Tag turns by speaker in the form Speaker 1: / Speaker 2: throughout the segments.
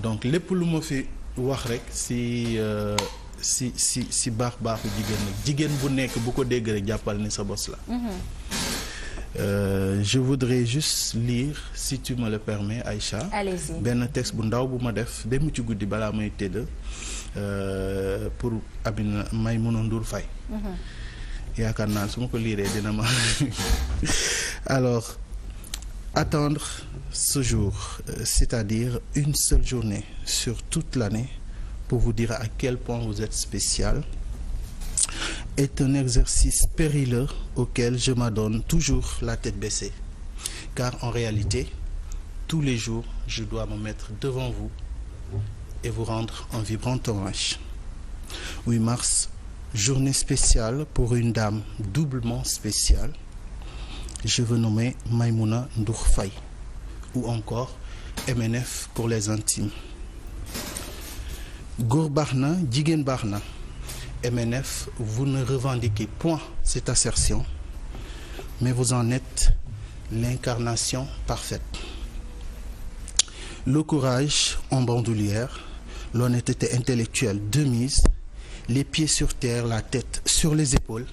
Speaker 1: donc lépp lu ma fi wax rek si euh, si si si baax baaxu jigéen nag jigéen bu nekk bu ko dégg rek jàppal ni sa bos la. Mhm. Euh, je voudrais juste lire si tu me le permets benn texte bu ndaw bu ma def dem ci guddi balaa may tëdd euh, pour Amina Maimouna Ndour Faye. Mhm. yaakaar naa su ma ko liiree dina ma alors. attendre ce jour, euh, c'est-à-dire une seule journée sur toute l'année, pour vous dire à quel point vous êtes spécial, est un exercice périlleux auquel je m'adonne toujours la tête baissée. Car en réalité, tous les jours, je dois me mettre devant vous et vous rendre un vibrant hommage. journée spéciale pour une dame doublement spéciale. je veux nommer Maïmouna Ndour Faye ou encore MNF pour les intimes góor baax na jigéen baax na MNF vous ne revendiquez point cette assertion mais vous en êtes l'incarnation parfaite le courage en bandoulière l'honnêteté intellectuelle de mise les pieds sur terre la tête sur les épaules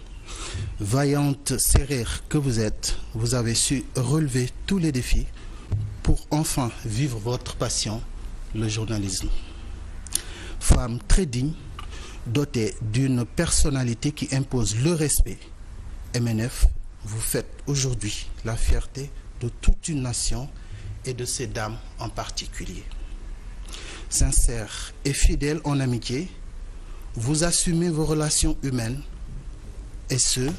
Speaker 1: vaillante sérère que vous êtes, vous avez su relever tous les défis pour enfin vivre votre passion, le journalisme. Femme très digne, dotée d'une personnalité qui impose le respect, MNF, vous faites aujourd'hui la fierté de toute une nation et de ces dames en particulier. Sincère et fidèle en amitié, vous assumez vos relations humaines et ce,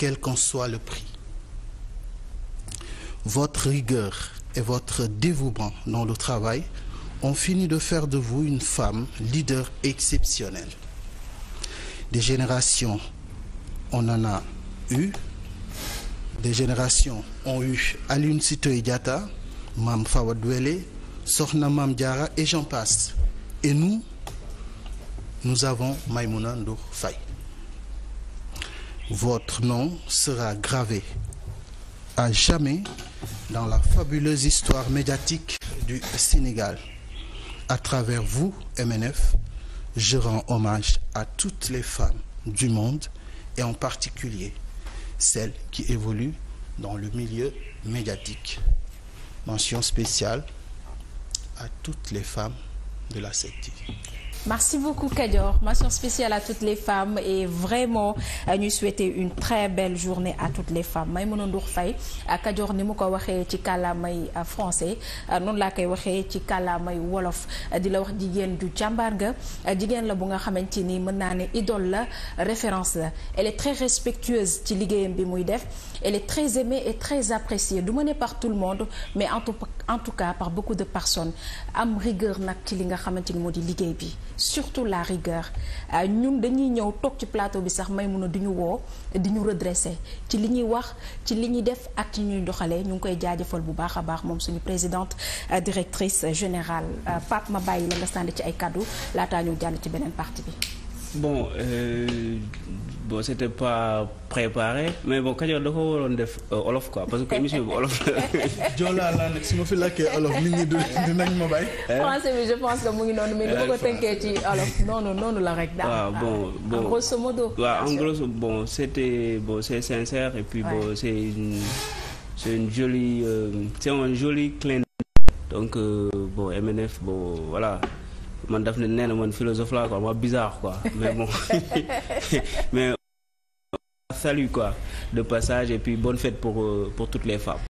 Speaker 1: quel qu'en soit le prix. Votre rigueur et votre dévouement dans le travail ont fini de faire de vous une femme leader exceptionnelle. Des générations, on en a eu. Des générations ont eu Aline Sitoé Diatta, Mame Fawa Douélé, Sokhna Mame et j'en passe. Et nous, avons Maïmouna Ndour votre nom sera gravé à jamais dans la fabuleuse histoire médiatique du Sénégal. À travers vous, MNF, je rends hommage à toutes les femmes du monde et en particulier celles qui évoluent dans le milieu médiatique. Mention spéciale à toutes les femmes de la
Speaker 2: Merci beaucoup Kadior. Mention spéciale à toutes les femmes et vraiment euh, ñu souhaiter une très belle journée à toutes les femmes Maïmouna Ndour Faye euh, Kadior ni mu ko waxee ci kàllaamay euh, français noonu laa koy waxee ci kàllaamay wolof di la wax jigéen du jàmbaar nga jigéen la bu nga xamante ni mën naa ne idole la référence la elle est très respectueuse ci liggéeyam bi muy def elle est très aimée et très appréciée du ma ne par tout le monde mais en tout en tout cas par beaucoup de xamante ni moo di liggéey bi surtout la rigueur euh, ñun dañuy ñëw toog ci plateau bi sax may mun a di ñu woo di ñu redresser ci li ñuy wax ci li ñuy def ak ci ñuy doxalee ñu ngi koy jaajëfal bu baax a baax moom suñu présidente euh, directrice générale Pape euh, ma bàyyi la nga sànni ci ay kàddu laataa ñu jàll ci beneen partie bi.
Speaker 1: bon euh, bon c'était pas préparé mais bon Kajoor da ko waroon def euh, olof quoi parce que émission bi olof la. Joola laa nag su ma fi làkkee olof nit ñi dinañ ma bàyyi. français
Speaker 2: bi je pense que mu ngi noonu mais ni ma ko tënkee ci olof noonu noonu la rek. daal bon ah, bon en grosso modo. waaw en
Speaker 1: grosso bon c'était bon sincère et puis bon c'est une c'est une jolie euh, c'est un joli clin donc euh, bon MNF bon voilà. man daf ne nee na man philosophe laa quoi ma bizarre quoi mais bon
Speaker 2: mais salu quoi de passage et puis bonne fête pour euh, pour toutes les femmes